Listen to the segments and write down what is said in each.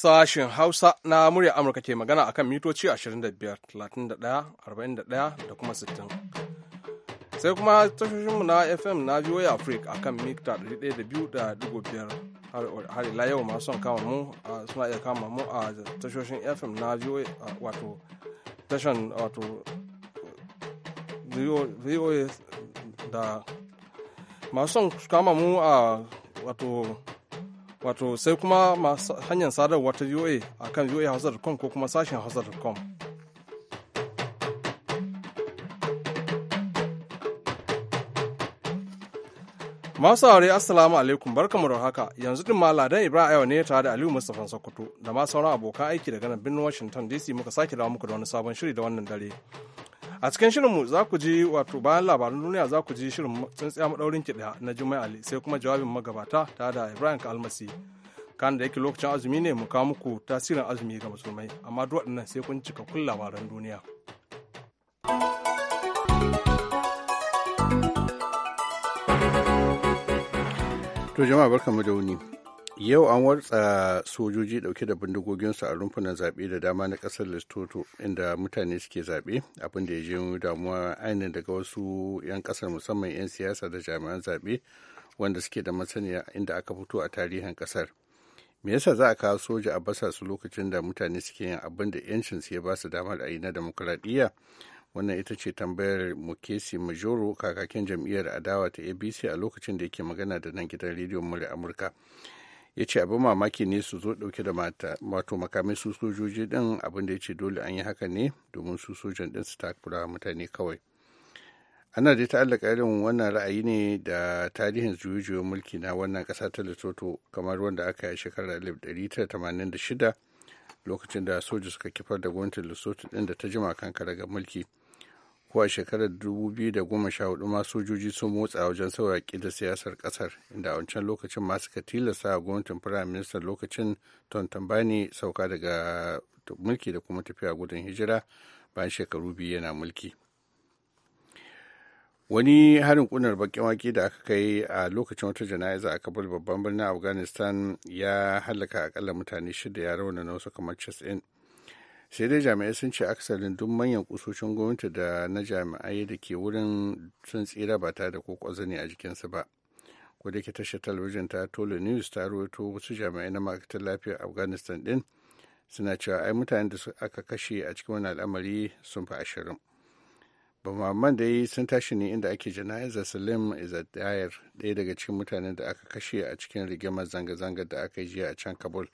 Sashen Hausa na murya Amurka ke magana akan mitoci 25, 31, 41 da kuma 60. Sai kuma tashoshinmu na FM na VOA Africa akan mita 102.5 har ila yau masu son kama mu suna iya kama mu a tashoshin FM na VOA wato tashan wato VOA da masu son kama mu a wato wato sai kuma hanyar sadarwa ta voa a kan voahausa.com ko kuma sashen hausa.com masu aure assalamu alaikum barkamu da haka yanzu din ma ladan ibrahim ayo ne tare da aliyu mustapha sokoto da ma sauran abokan aiki daga nan birnin washington dc muka sake dawo muku da wani sabon shiri da wannan dare a cikin shirinmu za ku ji wato bayan labaran duniya za ku ji shirin tsintsiya maɗaurin kiɗa na juma'a ali sai kuma jawabin magabata ta da ibrahim kalmasi kan da yake lokacin azumi ne mu kawo muku tasirin azumi ga musulmai amma duk waɗannan sai kun cika kun labaran duniya to jama'a mu da wuni yau an wartsa sojoji dauke da bindigoginsu a rumfunan zaɓe da dama na ƙasar lesotho inda mutane suke zaɓe abin da ya je damuwa ainihin daga wasu 'yan ƙasar musamman 'yan siyasa da jami'an zaɓe wanda suke da masaniya inda aka fito a tarihin ƙasar me yasa za a kawo soja a basa su lokacin da mutane suke yin abin da 'yancin su ya ba su damar a yi na demokuraɗiyya wannan ita ce tambayar mukesi majoro kakakin jam'iyyar adawa ta abc a lokacin da yake magana da nan gidan rediyon murya amurka ya ce abin mamaki ne su zo dauke da wato makamai su sojoji din abin da ya ce dole an yi haka ne domin su sojan din su takura mutane kawai ana da ta'allaka irin wannan ra'ayi ne da tarihin juye mulki na wannan ƙasa ta lesotho kamar wanda aka yi shekarar 1986 lokacin da soja suka kifar da gwamnatin lesotho ɗin da ta jima kan ga mulki ko a shekarar 2014 ma sojoji sun motsa wajen sauraki da siyasar kasar inda a wancan lokacin masu suka tilasta a gwamnatin firayim ministan lokacin tontambani sauka daga mulki da kuma tafiya gudun hijira bayan shekaru biyu yana mulki wani harin kunar bakin waki da aka kai a lokacin wata jana'iza a kabul babban birnin afghanistan ya halaka akalla mutane shida ya na wasu kamar 90 sai dai jami'ai sun ce aksarin duk manyan kusoshin gwamnati da na jami'ai da ke wurin sun tsira ba tare da ko ne a jikinsu ba ko da ke tashar talabijin ta tolo news ta rawaito wasu jami'ai na ma'aikatar lafiyar afghanistan din suna cewa ai mutanen da aka kashe a cikin wani al'amari sun fi ashirin bamaman dai sun tashi ne inda ake jana'izar salim izadayar ɗaya daga cikin mutanen da aka kashe a cikin rigimar zanga zanga da aka yi jiya a can kabul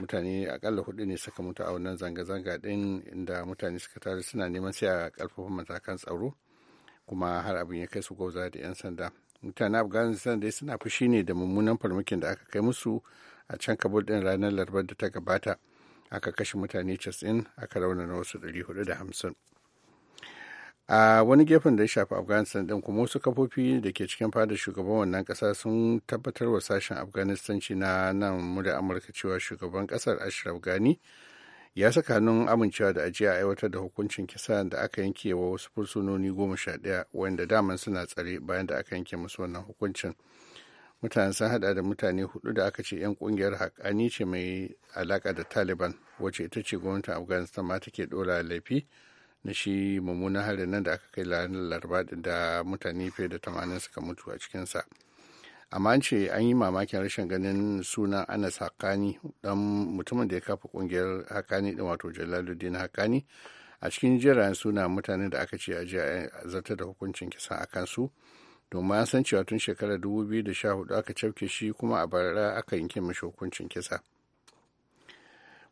mutane akalla hudu ne suka mutu a wannan zanga-zanga din inda mutane suka tare suna neman sai a karfafa matakan tsaro kuma har abin ya kai su gwauza da 'yan sanda mutane afghanistan dai suna fushi ne da mummunan farmakin da aka kai musu a can kabul din ranar larabar da ta gabata aka kashe mutane 90 aka raunana wasu 450 a wani gefen da ya shafi afghanistan din kuma wasu kafofi da ke cikin fadar shugaban wannan kasa sun tabbatar wa sashen afghanistanci na nan da amurka cewa shugaban kasar ashraf gani ya saka hannun amincewa da ajiya aiwatar da hukuncin kisa da aka yanke wa wasu fursunoni goma sha ɗaya wanda daman suna tsare bayan da aka yanke musu wannan hukuncin mutane sun hada da mutane hudu da aka ce 'yan kungiyar haƙani ce mai alaka da taliban wacce ita ce gwamnatin afghanistan ma take dora laifi na shi mummunan harin nan da aka kai ranar laraba da mutane fiye da tamanin suka mutu a cikinsa amma an ce an yi mamakin rashin ganin sunan anas hakani dan mutumin da ya kafa kungiyar hakani din wato jalaluddin hakani a cikin jirayen suna mutanen da aka ce a zartar da hukuncin kisa a kansu domin an san cewa tun shekarar 2014 aka cafke shi kuma a bara aka yanke mashi hukuncin kisa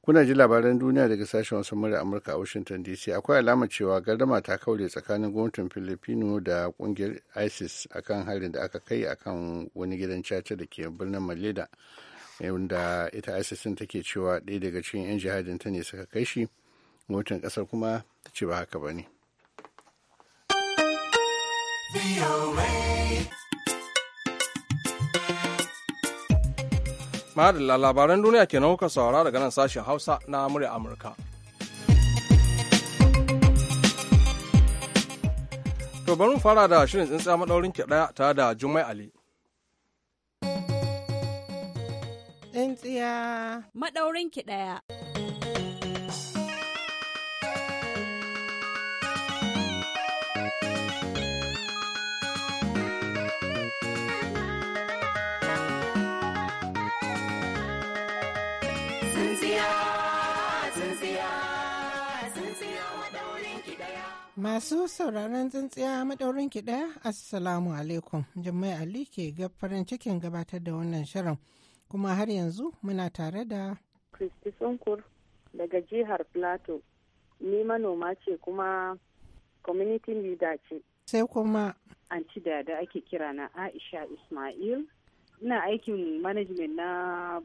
Kuna ji labaran duniya daga sashen wasu murya Amurka a Washington DC. Akwai alama cewa gardama ta kaure tsakanin gwamnatin Filipino da kungiyar ISIS akan harin da aka kai akan wani gidan caca da ke birnin Maleda. Wanda ita ISIS take cewa ɗaya daga cikin 'yan jihadin ta ne suka kai shi. Gwamnatin ƙasar kuma ta ce ba haka ba ne. Madalla labaran duniya kenan kuka saurara daga nan sashen Hausa na murya Amurka. To bari mu fara da shirin tsintsiya maɗaurin ke ɗaya tare da Jummai Ali. Tsintsiya maɗaurin ke ɗaya. Masu sauraron tsintsiya maɗaurin ki ɗaya, Assalamu alaikum. Jummai Ali ke farin cikin gabatar da wannan shirin. Kuma har yanzu muna tare da Kristi Sunkur daga jihar Plateau. Ni manoma ce kuma community leader ce. Sai kuma an ci da da ake kira na Aisha Ismail. Ina aikin management na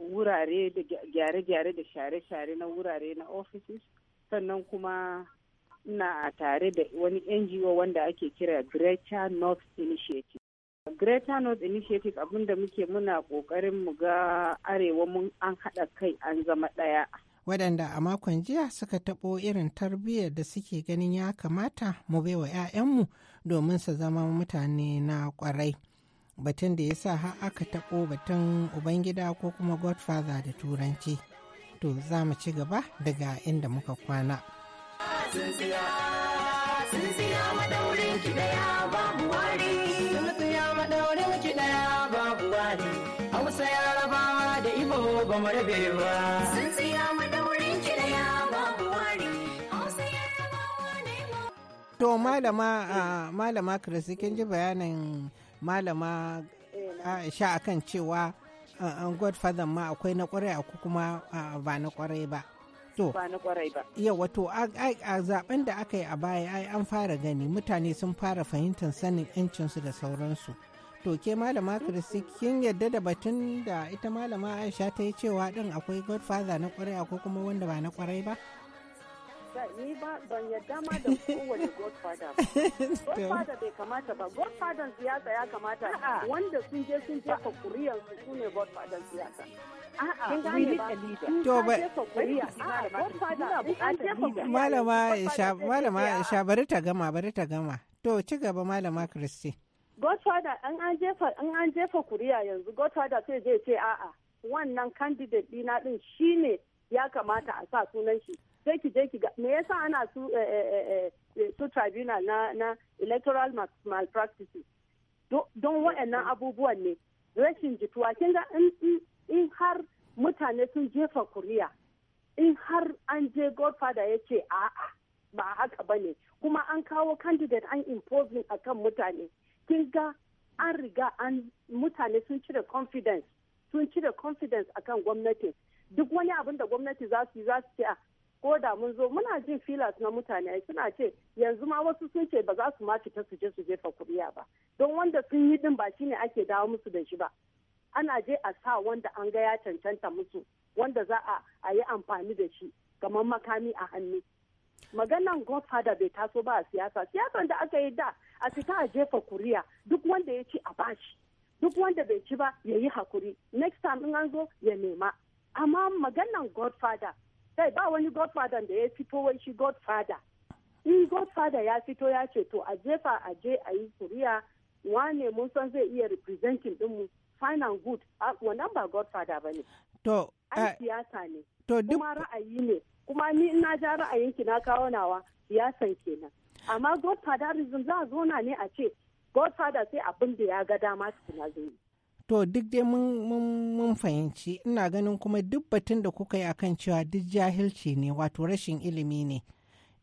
wurare da gyare-gyare da share-share na wurare na offices sannan kuma na tare da wani NGO wanda ake kira Greater North Initiative. Greater North Initiative abinda muke muna ƙoƙarin mu ga arewa mun an haɗa kai an zama ɗaya. Waɗanda a makon jiya suka taɓo irin tarbiyyar da suke ganin ya kamata mu baiwa 'ya'yanmu domin su zama mutane na kwarai, Batun da ya sa har aka taɓo batun Ubangida ko kuma Godfather da Turanci. To za mu ci gaba daga inda muka kwana. tsintsiya tsintsiya madaurin ki daya babu wari tsintsiya madaurin ki daya babu wari hausa ya yarabawa da ibo ba mu rabe ba tsintsiya madaurin ki daya babu wari To malama malama Kirsi kin ji bayanin malama Aisha akan cewa godfather ma akwai na kwarai akwai kuma ba na kwarai ba. to na wato a zaben da aka yi a baya ai an fara gani mutane sun fara fahimtar sanin yancinsu da sauransu to ke malama kristi kin yadda da batun da ita malama aisha ta yi cewa din akwai godfather na kwarai akwai kuma wanda ba na kwarai ba ni ba ban yadda ma da kowane godfather godfather bai kamata ba godfather siyasa ya kamata wanda sun je sun je kuriyansu su ne godfather siyasa malama sha bari ta gama bari ta gama to ci gaba malama kristi godfather in an jefa an an jefa kuriya yanzu godfather sai zai ce a'a wannan candidate dina din shine ya kamata a sa sunan shi sai ki je ki ga me yasa ana su eh, eh, eh, su tribunal na na electoral malpractices don waɗannan abubuwan ne rashin jituwa kin ga in har mutane sun jefa kuriya in har an je godfather ya ce a'a ba haka ba ne kuma an kawo candidate an imposing a kan mutane kin ga an riga an mutane sun cire confidence sun cire confidence a kan gwamnati duk wani abin da gwamnati za su yi ce a ah, ko da mun zo muna jin filas na mutane suna ce yanzu ma wasu sun ce ba za su ma fita su je su jefa kuriya ba don wanda sun yi din ba shine ake dawo musu da shi ba ana je a sa wanda an ga ya cancanta musu wanda za a yi amfani da shi kamar makami a hannu maganan godfather bai taso ba a siyasa siyasa da aka yi da a fita a jefa kuriya duk wanda ya ci a bashi duk wanda bai ci ba ya yi hakuri next time in an zo ya nema amma maganan godfather sai ba wani godfather da ya fito wai shi godfather in godfather ya fito ya ce to a jefa a je a yi kuriya wane mun san zai iya representing dinmu fine and good wannan ba godfather ba ne to ai eh, siyasa ne kuma ra'ayi ne kuma ni ina ja ra'ayin ki na kawo nawa siyasan kenan amma godfatherism za a zo na ne a ce godfather sai abin da ya ga dama na zo to duk dai mun fahimci ina ganin kuma duk batun da kuka yi akan cewa duk jahilci ne wato rashin ilimi ne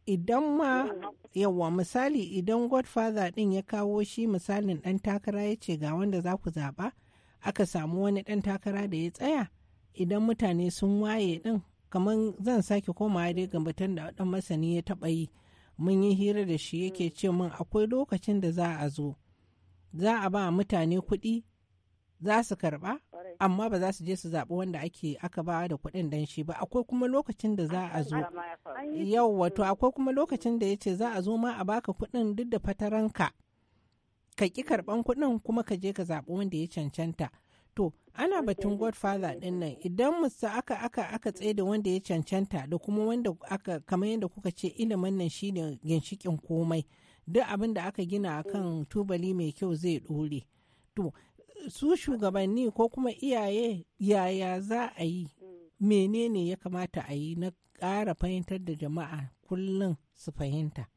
idan ma yawa misali idan godfather din ya kawo shi misalin dan takara ya ce ga wanda za ku zaba aka samu wani ɗan takara da ya tsaya idan mutane sun waye ɗin kamar zan sake komawa dai ga mutum da ɗan masani ya taɓa yi mun yi hira da shi yake mm. ce min akwai lokacin da za a zo za a ba mutane kuɗi za su karɓa amma ba za su je su zaɓi wanda ake aka ba da kuɗin dan shi ba akwai kuma lokacin da za a zo yau wato mm. akwai kuma lokacin da ya ce za a zo ma a baka kuɗin duk da fataranka ka ƙi karɓan kuɗin kuma ka je ka zaɓi wanda ya cancanta to ana batun godfather ɗin nan idan musa aka aka aka tsaye da wanda ya cancanta da kuma wanda aka kamar yadda kuka ce ilimin nan shine ginshikin komai duk abin da aka gina akan tubali mai kyau zai ɗore to su shugabanni ko kuma iyaye yaya za a yi menene ya kamata a yi na ƙara fahimtar da jama'a kullum su fahimta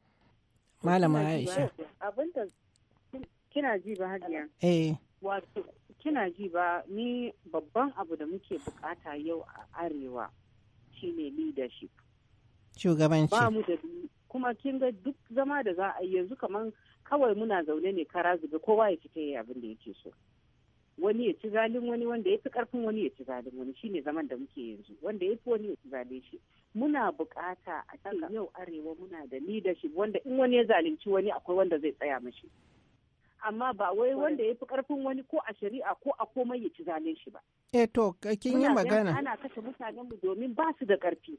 malama aisha kina ji ba hajiya eh wato kina ji ba ni babban abu da muke bukata yau a arewa shine leadership shugabanci ba mu da kuma kin ga duk zama da za a yi yanzu kaman kawai muna zaune ne kara zuga kowa ya fita yayi abin da yake so wani ya ci zalin wani wanda ya fi karfin wani ya ci zalin wani shine zaman da muke yanzu wanda ya fi wani ya ci zalin shi muna bukata a ce yau arewa muna da leadership wanda in wani ya zalunci wani akwai wanda zai tsaya mashi amma ba wai wanda ya fi karfin wani ko a shari'a ko a komai ya ci zalin shi ba. E to kin yi magana. Ana kashe mutanen mu domin ba su da karfi.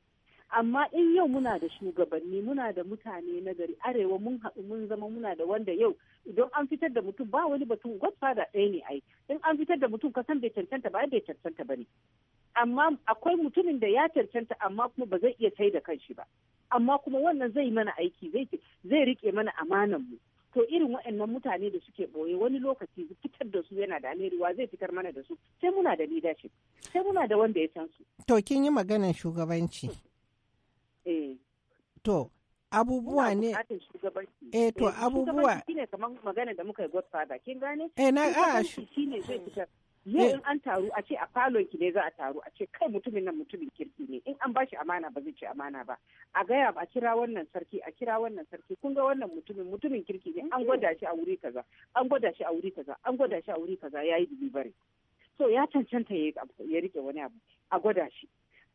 Amma in yau muna da shugabanni muna da mutane na gari arewa mun haɗu mun zama muna da wanda yau idan an fitar da mutum ba wani batun godfather ɗaya ne ai in an fitar da mutum kasan bai cancanta ba bai cancanta ba ne. Amma akwai mutumin da ya cancanta amma kuma ba zai iya sai da kanshi ba. Amma kuma wannan zai mana aiki zai zai rike mana amanan mu. to irin waɗannan mutane da suke ɓoye wani lokaci fitar da su yana da alheri wa zai fitar mana da su sai muna da leadership sai muna da wanda ya san su to kin yi maganar shugabanci to abubuwa ne eh to abubuwa eh, eh, shine kamar magana da muka yi godfather kin gane eh na a ah, shine zai fitar yau eh. in an taru a ce a falon ki ne za a taru a ce kai mutumin nan mutumin kirki ne in an bashi amana ba zai ci amana ba a gaya ba a kira wannan sarki a kira wannan sarki kun ga wannan mutumin mutumin kirki ne an gwada shi a wuri kaza an gwada shi a wuri kaza an gwada shi a wuri kaza yayi delivery so ya cancanta ya rike wani abu a gwada shi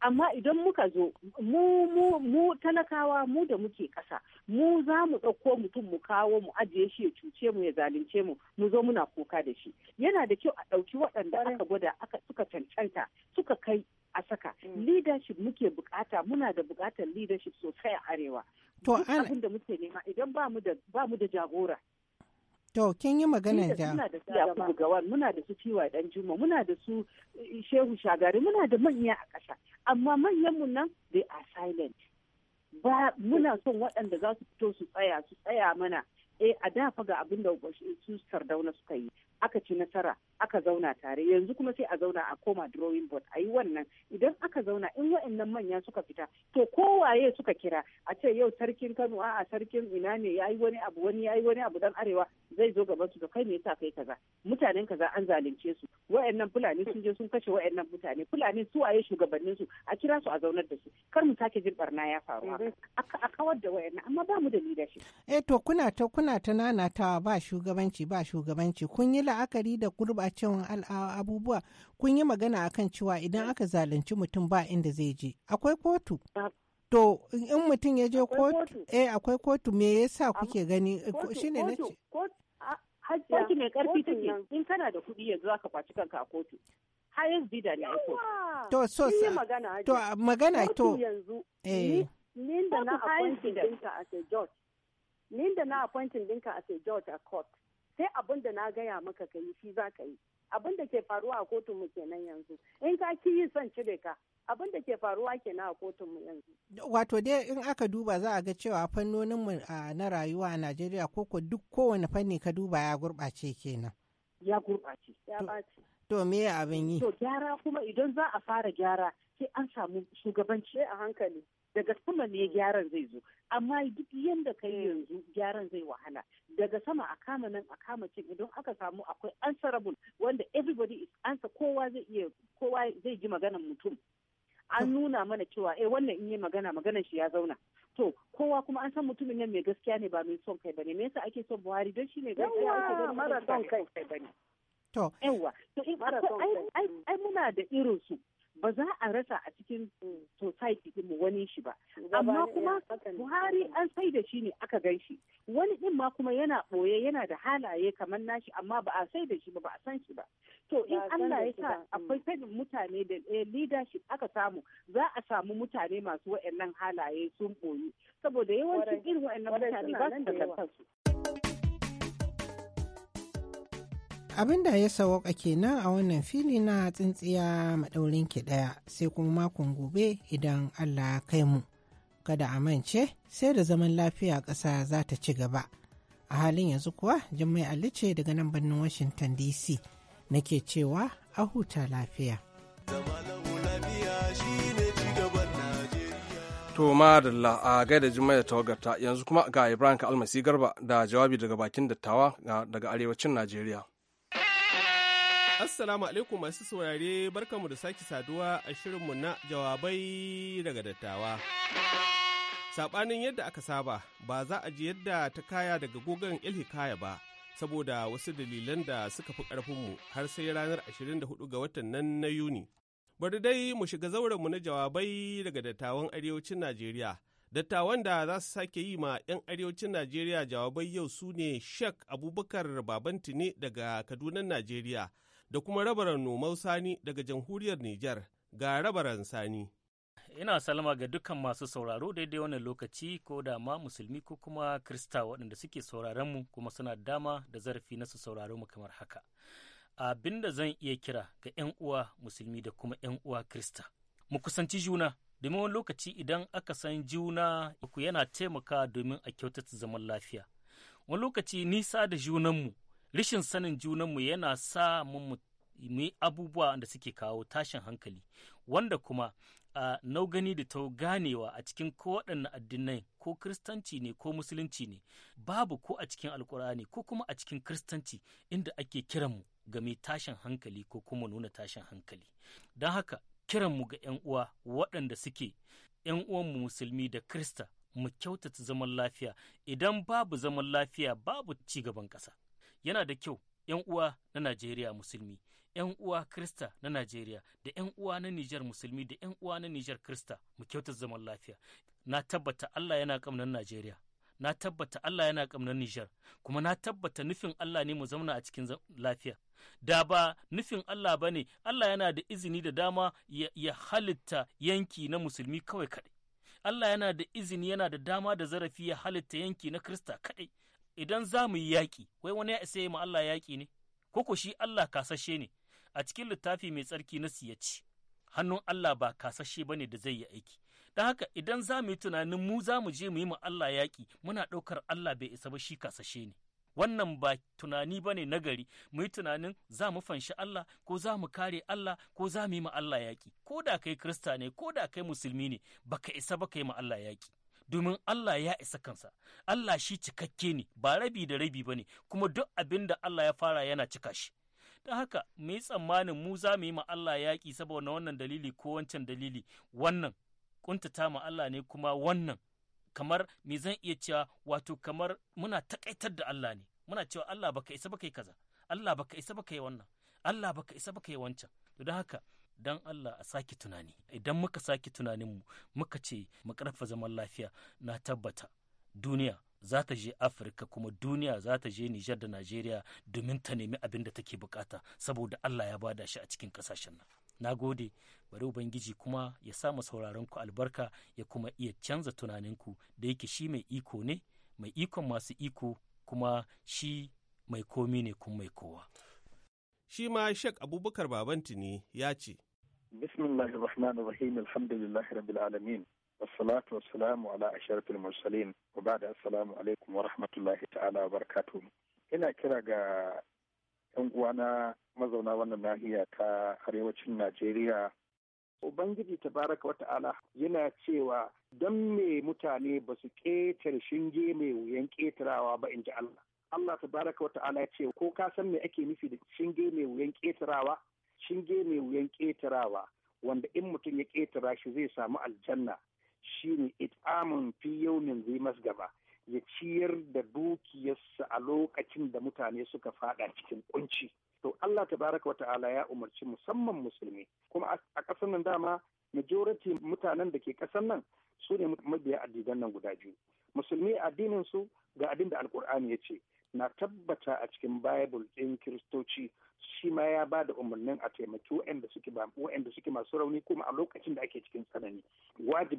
amma idan muka zo mu mu mu talakawa mu da muke kasa mu za mu ɗauko mutum mu kawo mu ajiye shi ya cuce mu ya zalunce mu mu zo muna kuka da shi yana da kyau a ɗauki waɗanda aka gwada aka suka cancanta suka kai a saka mm. leadership muke bukata muna da bukatar leadership sosai a arewa to abin da muke nema idan ba mu da ba mu da jagora To kin yi magana da. Muna da su Yakubu Gawan, muna da su Tiwa Dan Juma, muna da su eh, Shehu Shagari, muna da manya a ƙasa. Amma manyan mu nan they are silent. Ba muna son waɗanda za su fito su tsaya, su tsaya mana. Eh a da fa ga abin da su Sardauna suka yi, aka ci nasara. aka zauna tare yanzu kuma sai a zauna a koma drawing board a yi wannan idan aka zauna in wa'annan manya suka fita to kowaye suka kira a ce yau sarkin kano a sarkin ina ne ya yi wani abu wani ya yi wani abu dan arewa zai zo gaban su da kai me yasa kai kaza mutanen kaza an zalunce su wa'annan fulani sun je sun kashe wa'annan mutane fulani su waye shugabannin su a kira su a zaunar da su kar mu sake jin barna ya faru a kawar da wa'annan amma ba mu da leadership eh to kuna ta kuna ta ta ba shugabanci ba shugabanci kun yi la'akari da gurba gurɓacewan abubuwa kun yi magana akan cewa idan aka zalunci mutum ba inda zai je akwai kotu to in mutum ya je kotu eh akwai kotu me yasa kuke gani eh, shine na ce kotu mai karfi take in kana da kuɗi yanzu ka kwaci kanka a kotu highest bidder ne ko to so magana to magana to yanzu eh nin da na appointing dinka a St. George nin da na appointing dinka a St. George a court sai abin da na gaya maka ka yi shi za ka yi abin da ke faruwa a kotun mu kenan yanzu in ka ki yi son cire ka abin da ke faruwa kenan a kotun mu yanzu wato dai in aka duba za a ga cewa fannonin mu na rayuwa a Najeriya ko ko duk kowane fanni ka duba ya gurɓace kenan ya gurɓace ya bace to me abin yi to gyara kuma idan za a fara gyara sai an samu shugabanci a hankali daga sama ne gyaran zai zo amma duk yadda ka yi eh. yanzu gyaran zai wahala daga sama a kama nan a kama cin idan aka samu akwai answerable wanda everybody is answer kowa zai iya kowa zai ji maganar mutum an nuna mana cewa eh wannan in yi magana maganar shi ya zauna to kowa kuma an san mutumin nan mai gaskiya ne ba mai son kai bane me yasa ake son Buhari don shi ne gaskiya ake ganin mara son kai bane to yawa to ai muna da irin su ba za a rasa a cikin mm, society din mu wani shi ba amma kuma buhari an sai da shi ne aka gan shi wani din ma kuma yana boye yana da halaye kamar nashi amma ba a sai da shi ba ba a san shi ba to in allah ya sa mm. akwai sanin mutane da eh, leadership aka samu za a samu mutane masu wa'annan halaye sun boye saboda yawancin irin wa'annan mutane ba su da kansu abin da ya sawaka kenan a wannan fili na tsintsiya maɗaurin ki ɗaya sai kuma makon gobe idan allah ya kai mu kada a mance sai da zaman lafiya ƙasa za ta ci gaba a halin yanzu kuwa jimmai alice daga nan birnin washington dc nake cewa a huta lafiya To madalla a gaida da tawagarta yanzu kuma ga Ibrahim Almasi Garba da jawabi daga bakin dattawa daga arewacin Najeriya. Assalamu alaikum masu saurare barkamu da sake saduwa a shirin mu na jawabai daga dattawa. Saɓanin yadda aka saba ba za a ji yadda ta kaya daga gogon ilhikaya ba saboda wasu dalilan da suka fi ƙarfinmu har sai ranar 24 ga watan nan na Yuni. Bari dai mu shiga zauren mu na jawabai daga dattawan arewacin Najeriya. Dattawan da za su sake yi ma 'yan arewacin Najeriya jawabai yau su ne Sheikh Abubakar Babantini daga Kaduna, Najeriya. da kuma rabaran nomau sani daga jamhuriyar Nijar ga rabaran sani. Ina salama ga dukkan masu sauraro daidai wannan lokaci ko da ma musulmi ko kuma krista waɗanda suke sauraron mu kuma suna dama da zarafi na su sauraro mu kamar haka. Abin da zan iya kira ga 'yan uwa musulmi da kuma 'yan uwa krista. Mu kusanci juna domin wani lokaci idan aka san juna ku yana taimaka domin a kyautata zaman lafiya. Wani lokaci nisa da junanmu Rishin sanin junanmu yana sa mu yi abubuwa da suke kawo tashin hankali, wanda kuma a nau gani da ta ganewa a cikin ko waɗannan addinai ko kristanci ne ko musulunci ne babu ko a cikin alkur'ani ko kuma a cikin kristanci inda ake kiranmu game tashin hankali ko kuma nuna tashin hankali don haka kiranmu ga 'yan uwa waɗanda suke 'yan uwanmu musulmi da krista mu kyautata zaman lafiya idan babu zaman lafiya babu ci gaban ƙasa yana da kyau 'yan uwa na Najeriya musulmi, 'yan uwa Krista na Najeriya, da 'yan uwa na Nijar musulmi, da 'yan uwa na Nijar Krista mu kyauta zaman lafiya. Na tabbata Allah yana kamnan Najeriya, na tabbata Allah yana kamnan Nijar, kuma na tabbata nufin Allah ne mu zauna a cikin lafiya. Da ba nufin Allah ba ne, Allah yana da izini da dama ya, halitta yanki na musulmi kawai kaɗai. Allah yana da izini yana da dama da zarafi ya halitta yanki na Krista kaɗai. idan za mu yi yaƙi, wai wani ya isa mu Allah yaƙi ne, ko shi Allah kasashe ne, a cikin littafi mai tsarki na siyaci ce, hannun Allah ba kasashe ba ne da zai yi aiki. Don haka idan za mu yi tunanin mu za mu je mu yi mu Allah yaƙi, muna ɗaukar Allah bai isa ba shi kasashe ne. Wannan ba tunani ba ne nagari, mu yi tunanin za mu fanshi Allah ko za mu kare Allah ko za mu yi ma Allah yaƙi, ko da kai Kirista ne ko da kai Musulmi ne, baka isa ba ka yi ma Allah yaƙi. domin Allah ya isa kansa Allah shi cikakke ne ba rabi da rabi ba ne kuma duk abin da Allah ya fara yana cika shi don haka muyi tsammanin mu za mu yi ma Allah yaƙi saboda wannan dalili ko wancan dalili wannan kuntata ma Allah ne kuma wannan kamar me zan iya cewa wato kamar muna taƙaitar da Allah ne muna cewa Allah baka isa baka yi kaza Allah baka isa baka yi wannan Allah baka isa baka yi wancan don haka don Allah a sake tunani idan muka sake tunaninmu muka ce mu karfa zaman lafiya na tabbata duniya za ta je afirka kuma duniya za ta je nijar da najeriya domin ta nemi abin da take bukata saboda allah ya bada shi a cikin kasashen nan na gode bari ubangiji kuma ya samu sauraron ku albarka ya kuma iya canza tunaninku da yake shi mai iko ne mai ikon masu iko kuma shi mai komi ne kuma mai kowa shi ma shek abubakar babanti ya ce بسم الله الرحمن الرحيم الحمد لله رب العالمين والصلاة والسلام على أشرف المرسلين وبعد السلام عليكم ورحمة الله تعالى وبركاته ina kira ga 'yan uwana mazauna wannan nahiya ta arewacin Najeriya Ubangiji tabaraka wata'ala yana cewa don me mutane ba su ƙetare shinge mai wuyan ƙetarawa ba in ji Allah. Allah tabaraka wata'ala ya ce ko ka san me ake nufi da shinge mai wuyan ƙetarawa shinge mai wuyan ƙetarawa wanda in mutum ya ƙetara shi zai samu aljanna shine it'amun fi yaumin zai masgaba ya ciyar da dukiyarsa a lokacin da mutane suka fada cikin kunci to Allah Ta tabaraka wata'ala ya umarci musamman musulmi kuma a ƙasar nan dama majority mutanen da ke ƙasar nan su ne mabiya addinan nan guda biyu musulmi addinin su ga abin da alkur'ani ya ce na tabbata a cikin bible ɗin kiristoci shi ma ya ba da umarnin a taimaki waɗanda suke ba masu rauni kuma a lokacin da ake cikin tsanani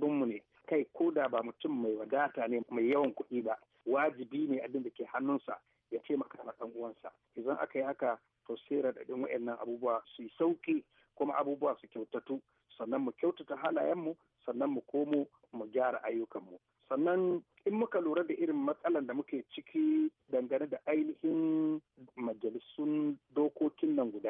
mu ne kai ko da ba mutum mai wadata ne mai yawan kuɗi ba wajibi ne abin da ke hannunsa ya taimaka ma ɗan uwansa idan aka yi haka to sai raɗaɗin waɗannan abubuwa su yi sauƙi kuma abubuwa su kyautatu sannan mu kyautata halayenmu sannan mu komo mu gyara ayyukanmu sannan in muka lura da irin matsalan da muke ciki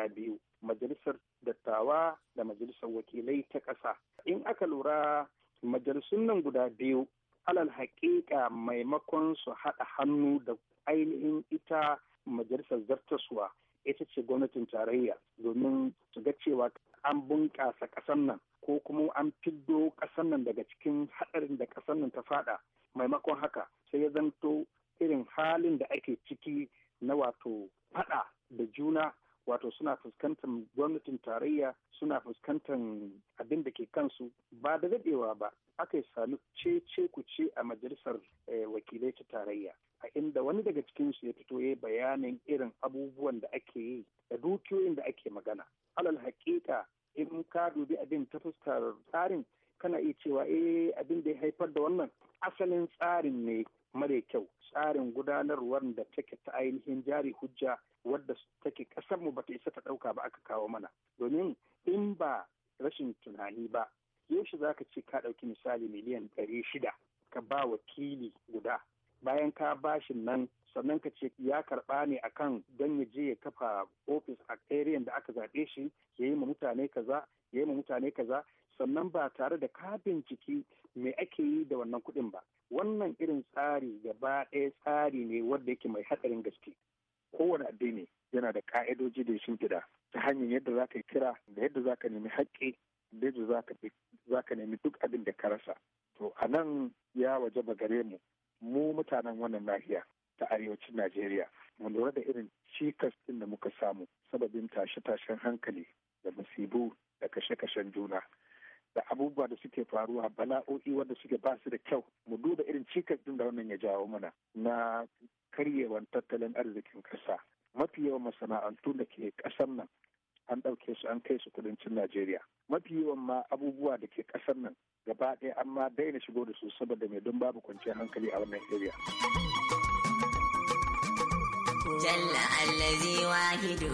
biyu majalisar dattawa da majalisar wakilai ta ƙasa in aka lura majalisun nan guda biyu alal haƙiƙa maimakon su haɗa hannu da ainihin ita majalisar zartaswa ita ce gwamnatin tarayya domin su ga cewa an bunƙasa ƙasar nan ko kuma an fiddo ƙasar nan daga cikin haɗarin da ƙasar nan ta faɗa maimakon haka sai ya zanto irin halin da ake ciki na wato faɗa da juna wato suna fuskantar gwamnatin tarayya suna fuskantar abin da ke kansu ba da daɗewa ba aka yi sami cece ku ce a majalisar eh, wakilai ta tarayya a inda wani daga cikin su ya fito ya bayanin irin abubuwan da ake yi da dukiyoyin da ake magana alal haƙiƙa in ka dubi abin ta fuskar tsarin kana iya cewa eh abin da ya haifar da wannan asalin tsarin ne mara kyau tsarin gudanarwar da take ta ainihin jari hujja wadda take ƙasarmu ba ta isa ta ɗauka ba aka kawo mana domin in ba rashin tunani ba yaushe za ka ce ka ɗauki misali miliyan ɗari shida ka ba wakili guda bayan ka bashi nan sannan ka ce ya karɓa ne akan don ya je ya kafa ofis a area da aka zaɓe shi ya yi ma mutane kaza ya yi ma mutane kaza sannan ba tare da ka binciki me ake yi da wannan kuɗin ba wannan irin tsari gaba ɗaya tsari ne wanda yake mai haɗarin gaske kowane addini yana da ka'idoji da shi gida ta hanyar yadda za ka yi kira da yadda za ka nemi haƙƙi da yadda za ka nemi duk abin da ka rasa to a nan ya waje ba gare mu mu mutanen wannan nahiya ta arewacin najeriya mu lura da irin cikas ɗin da muka samu sababin tashe-tashen hankali da musibu da kashe-kashen juna da abubuwa da suke faruwa bala'o'i wanda suke ba su da kyau mu duba irin cikas din da wannan ya jawo mana na karyewan tattalin arzikin ƙasa mafi yawan masana'antu da ke ƙasar nan an ɗauke su an kai su kudancin najeriya mafi yawan ma abubuwa da ke ƙasar nan gaba ɗaya an ma daina shigo da su saboda mai don babu kwanciyar hankali a wannan area. Jalla allazi wahidu.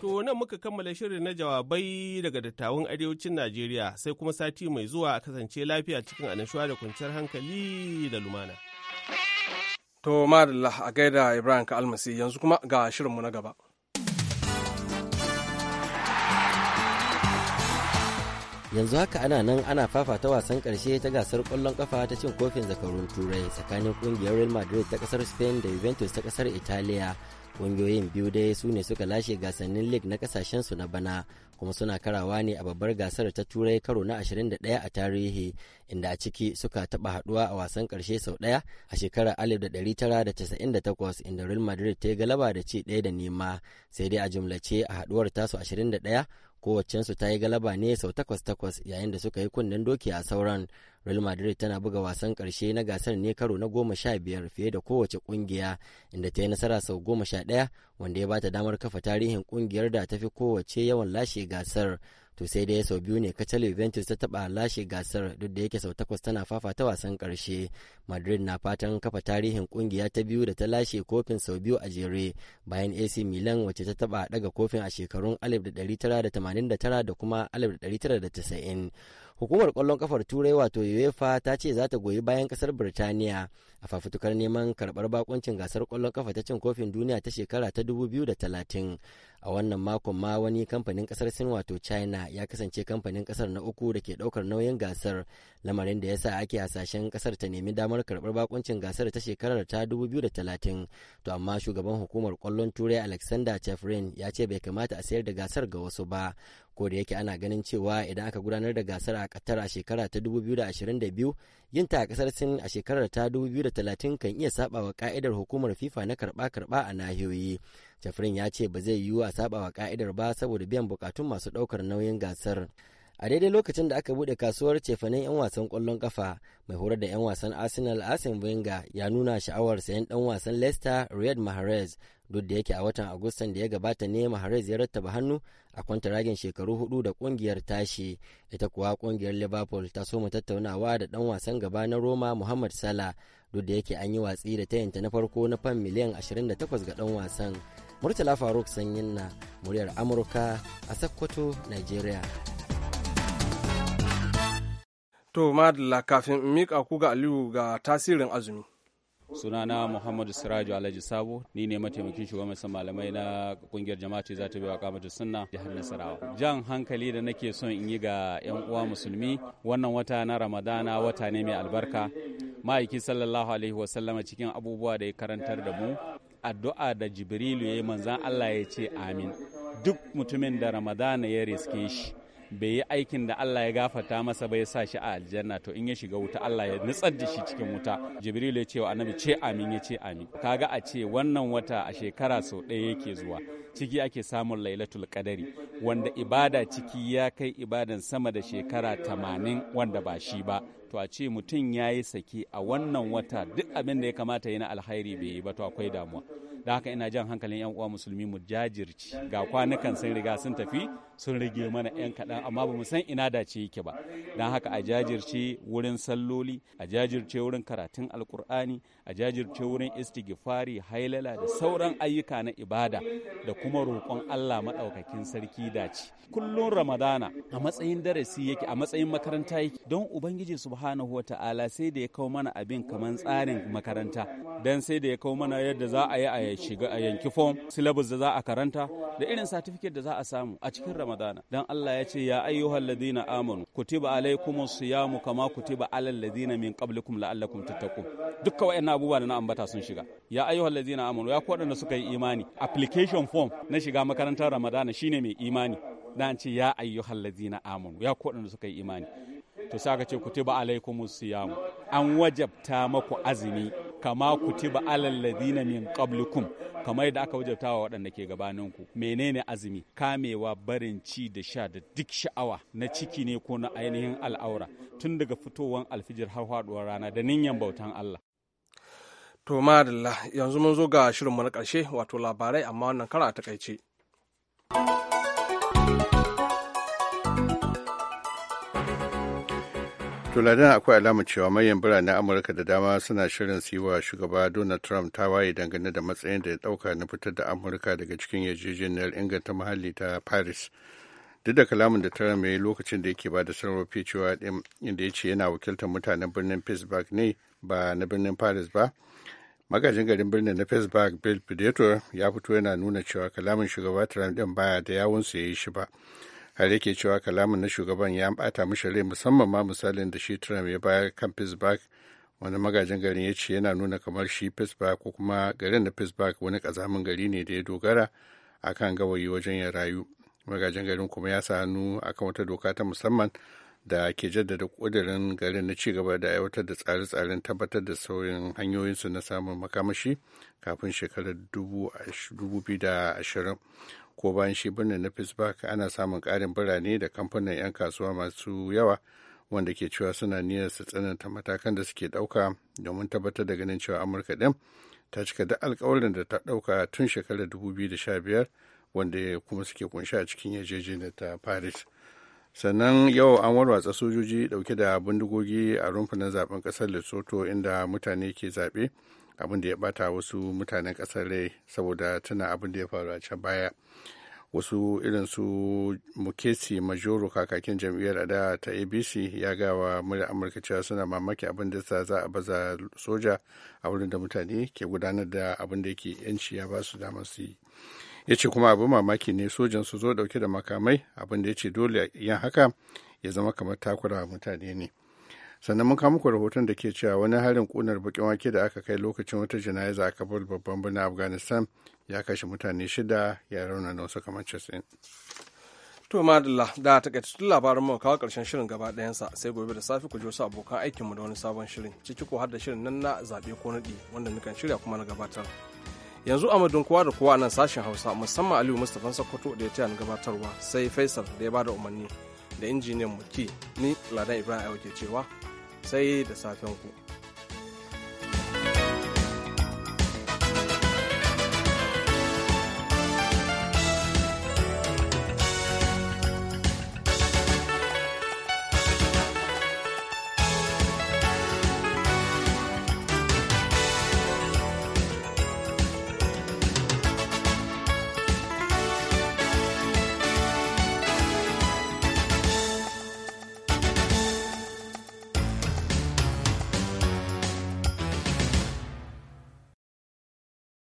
To nan muka kammala shirin na jawabai daga dattawan arewacin Najeriya sai kuma sati mai zuwa a kasance lafiya cikin annashuwa da kwanciyar hankali da lumana. To madalla a gaida Ibrahim ka almasi yanzu kuma ga shirinmu na gaba. yanzu haka ana nan ana fafata wasan karshe ta gasar kwallon kafa ta cin kofin zakarun turai tsakanin kungiyar real madrid ta kasar spain da juventus ta kasar italiya Ƙungiyoyin biyu dai su ne suka lashe gasannin league na kasashensu na bana kuma suna karawa ne a babbar gasar ta turai karo na 21 a tarihi inda a ciki suka taba haɗuwa a wasan karshe sau ɗaya a shekarar 1998 inda Real Madrid ta yi galaba da ci daya da nema sai dai a jumlace a haɗuwar tasu 21 kowacensu ta yi galaba ne sau takwas takwas yayin da suka yi kunnen doki a sauran real madrid tana buga wasan karshe na gasar ne karo na goma sha biyar fiye da kowace kungiya inda ta yi nasara sau goma sha ɗaya wanda ya bata damar kafa tarihin kungiyar da ta fi kowace yawan lashe gasar to sai dai sau biyu ne kacal juventus ta taba lashe gasar duk da yake sau takwas tana fafata wasan karshe madrid na fatan kafa tarihin kungiya ta biyu da ta lashe kofin sau biyu a jere bayan ac milan wacce ta taba daga kofin a shekarun 1989 da kuma 1990 hukumar kwallon kafar turai wato uefa ta ce za ta goyi bayan kasar birtaniya a fafutukar neman karbar bakuncin gasar kwallon kafa ta cin kofin duniya ta shekara ta 2030 a wannan makon ma wani kamfanin kasar sin wato china ya kasance kamfanin kasar na uku da ke daukar nauyin gasar lamarin da ya sa ake hasashen kasar ta nemi damar karbar bakuncin gasar ta shekarar ta 2030 to amma shugaban hukumar kwallon turai alexander chefrin ya ce bai kamata a sayar da gasar ga wasu ba ko da yake ana ganin cewa idan aka gudanar da gasar a katar a shekara ta 2022 yin ta a kasar Sin a shekarar ta 2030 kan iya wa ka'idar hukumar FIFA na karba-karba a nahiyoyi. Jafrin ya ce ba zai yiwu a wa ka'idar ba saboda biyan bukatun masu daukar nauyin gasar. a daidai lokacin da aka bude kasuwar cefanen 'yan wasan kwallon kafa mai horar da 'yan wasan arsenal arsene wenger ya nuna sha'awar sayan dan wasan leicester riyad mahrez duk da yake a watan agustan da ya gabata ne maharai ziyarar ta hannu a ragin shekaru hudu da kungiyar tashi ita kuwa kungiyar liverpool ta so mu tattaunawa da dan wasan gaba na roma muhammad salah duk da yake an yi watsi da ta na farko na fan miliyan 28 ga dan wasan murtala faruk sanyin na muryar amurka a sakkwato nigeria to madalla kafin mika ku ga aliyu ga tasirin azumi sunana muhammadu siraju alhaji sabo ni ne mataimakin shugaban malamai na kungiyar jama'a ce za ta biya da sunna jihar nasarawa jan hankali da nake son in yi ga yan uwa musulmi wannan wata na ramadana wata ne mai albarka ma'aiki sallallahu alaihi wasallama cikin abubuwa da ya karantar da mu addu'a da jibrilu ya yi manzan allah ya ce amin duk mutumin da ramadana ya riske shi bai yi aikin da Allah ya gafata masa bai sa shi a aljanna to in ya shiga wuta Allah ya nutsar da shi cikin wuta jibril ya ce wa annabi ce amin ya ce amin kaga a ce wannan wata a shekara sau ɗaya yake zuwa ciki ake samun lailatul qadari wanda ibada ciki ya kai ibadan sama da shekara tamanin wanda ba shi ba to a ce mutum ya yi sake a wannan wata duk abin da ya kamata yi na alhairi bai yi ba to akwai damuwa da haka ina jan hankalin yan uwa musulmi mu jajirci ga kwanukan sun riga sun tafi sun rage mana 'yan kaɗan amma ba mu san ina dace yake ba don haka a jajirce wurin salloli a jajirce wurin karatun alkur'ani a jajirce wurin istighfari hailala da sauran ayyuka na ibada da kuma roƙon allah maɗaukakin sarki dace kullum ramadana a matsayin darasi yake a matsayin makaranta yake don ubangiji subhanahu wa ta'ala sai da ya kawo mana abin kamar tsarin makaranta don sai da ya kawo mana yadda za a yi a shiga a yanki fom silabus da za a karanta da irin satifiket da za a samu a cikin ramadana dan Allah ya ce ya ayyuhal ladina amanu kutiba alaikumus siyamu kama kutiba alal ladina min qablikum la'allakum tattaqun dukka wayannan abubuwa da na ambata sun shiga ya ayyuhal ladina amanu ya ku da suka yi imani application form na shiga makarantar ramadana shine mai imani dan ce ya ayyuhal ladina amanu ya ku da suka yi imani to sai ka ce kutiba alaikumus siyamu an wajabta maku azumi kama kutiba alal ladina min qablikum kamar yadda aka wajabta wa waɗanda ke gabanin ku menene azumi kamewa barin ci da sha da duk sha'awa na ciki ne ko na ainihin al'aura tun daga fitowar alfijir har haduwar rana da ninyan bautan Allah to madalla yanzu mun zo ga shirinmu na ƙarshe wato labarai amma wannan kara a takaice To ladan akwai alamar cewa manyan biranen Amurka da dama suna shirin su yi wa shugaba Donald Trump tawaye dangane da matsayin da ya dauka na fitar da Amurka daga cikin yarjejeniyar inganta muhalli ta Paris. Duk da kalamin da Trump ya yi lokacin da yake ba da sarrafa cewa inda ya ce yana wakiltar mutanen birnin Pittsburgh ne ba na birnin Paris ba. Magajin garin birnin na Pittsburgh Bill Pedator ya fito yana nuna cewa kalamin shugaba Trump ɗin baya da yawunsa ya yi shi ba. har yake cewa kalamin na shugaban ya bata mishi rai musamman ma misalin da shi Trump ya bayar kan Pittsburgh wani magajin garin ya ce yana nuna kamar shi Pittsburgh ko kuma garin na Pittsburgh wani kazamin gari ne da ya dogara akan gawayi wajen ya rayu magajin garin kuma ya sa hannu akan wata doka ta musamman da ke jaddada kudirin garin na cigaba da aiwatar da tsare-tsaren tabbatar da saurin hanyoyinsu na samun makamashi kafin shekarar 2020 ko bayan shi birnin na pittsburgh ana samun karin birane da kamfanin 'yan kasuwa masu yawa wanda ke cewa suna niyyar su tsananta matakan da suke ɗauka domin tabbatar da ganin cewa amurka ɗin ta cika duk alkawarin da ta ɗauka tun shekarar 2015 wanda kuma suke kunshi a cikin yarjejeniyar ta paris sannan yau an warwatsa sojoji dauke da bindigogi a rumfunan zaben ƙasar lesotho inda mutane ke zaɓe abin da ya bata wasu mutanen kasar rai saboda tana abin da ya faru a can baya wasu irin su mukesi majoro kakakin jam'iyyar ada ta abc ya gawa murya amurka cewa suna mamaki abin da za a baza soja a wurin da mutane ke gudanar da abin da ke yanci ya ba su damar su yi ya ce kuma abin mamaki ne sojan su zo dauke da makamai abin da ya ce dole yan haka ya zama kamar takura mutane ne sannan mun muku rahoton da ke cewa wani harin kunar bakin wake da aka kai lokacin wata jana'iza a kabul babban birnin afghanistan ya kashe mutane shida ya rauna na wasu kamar casin to madalla da takaitattun labarin mu kawo karshen shirin gaba ɗayansa sai gobe da safe ku je wasu abokan aikinmu da wani sabon shirin ciki ko har da shirin nan na zaɓe ko naɗi wanda mukan shirya kuma na gabatar yanzu a madun kowa da kowa a nan sashen hausa musamman aliyu mustapha sokoto da ya taya gabatarwa sai faisal da ya bada umarni da injiniyan mu ki ni ladan ibrahim ke cewa 谁的啥效果？